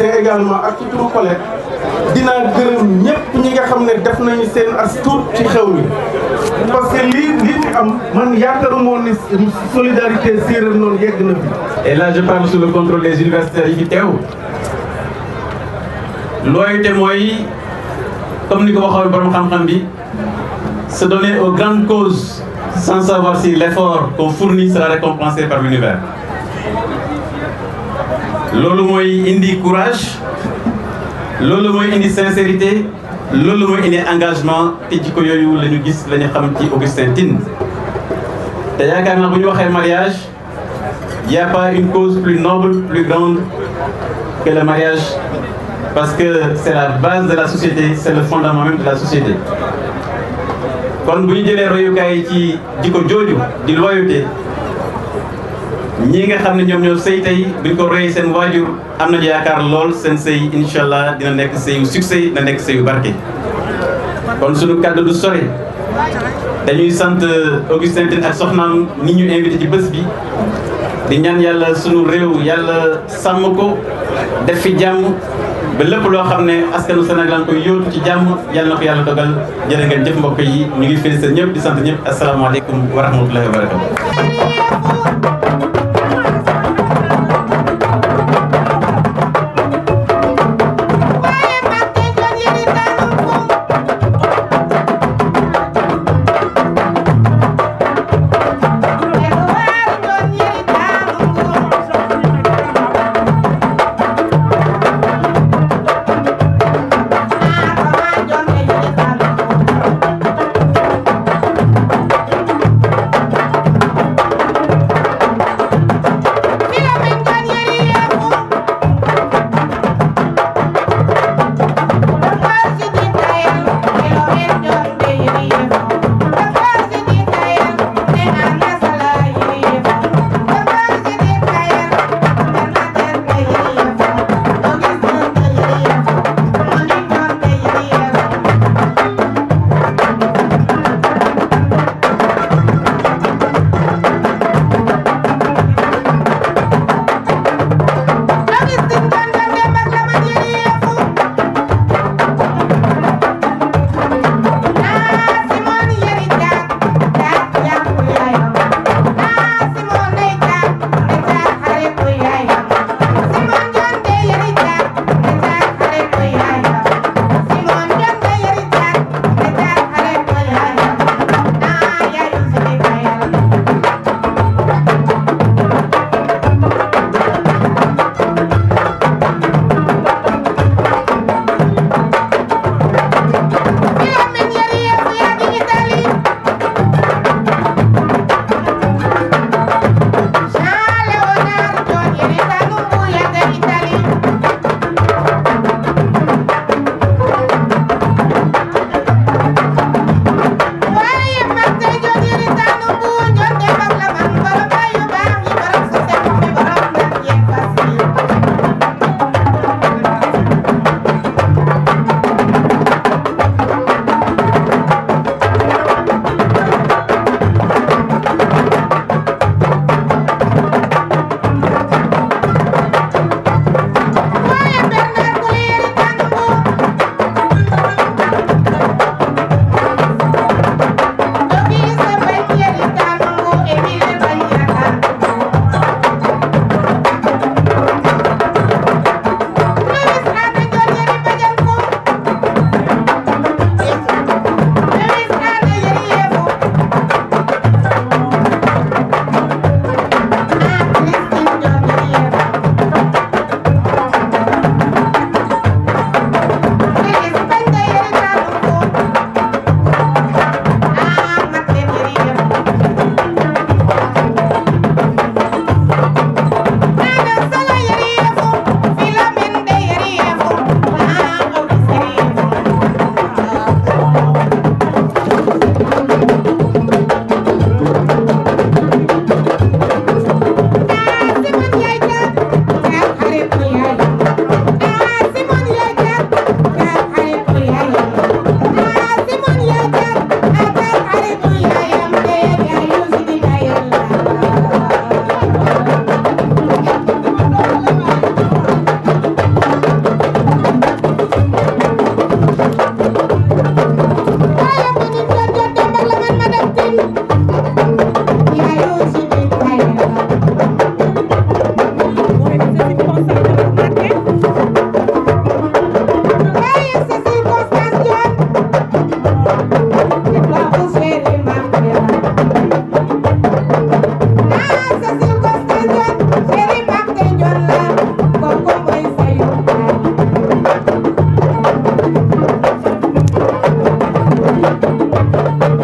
remercier également à tous turu collègues. Je gërëm ñëpp ñi nga qui ne def nañu seen as ci parce que lii lii ñu man solidarité séeréer noonu yegg na fi. et là je parle sous le contrôle des universitaires yi fi teew looy te comme nous ko waxoon borom xam se donner aux grandes causes sans savoir si l'effort qu'on fournit sera récompensé par l'univers lolu moy indi courage lolu moy indi sincérité lolu moy indi engagement Et jikko yooyu la ñu gis la xam ci Augustin Tine te yaakaar naa mariage y a pas une cause plus noble plus grande que le mariage parce que c'est la base de la société c'est le fondement même de la société kon bu jëlé royu kay ci jiko jojo di loyauté ñi nga xamne ñom ñoo sey tay buñ ko royee seen wajur amna ñu yaakar lool seen sey inshallah dina nek sey yu succès na nek sey yu barké kon suñu kàddu du sore dañuy sante euh, Augustin tin ak soxnam ni ñu invité ci bëss bi di ñaan yalla sunu réew yalla sam ko def fi jamm ba lepp lo xamne ne askanu Sénégal ko yoot ci jamm yalla nako yalla dogal jërë ngeen jëf mbokk yi ñu ngi félicité ñëpp di sant ñëpp alaykum wa rahmatullahi wa barakatuh Thank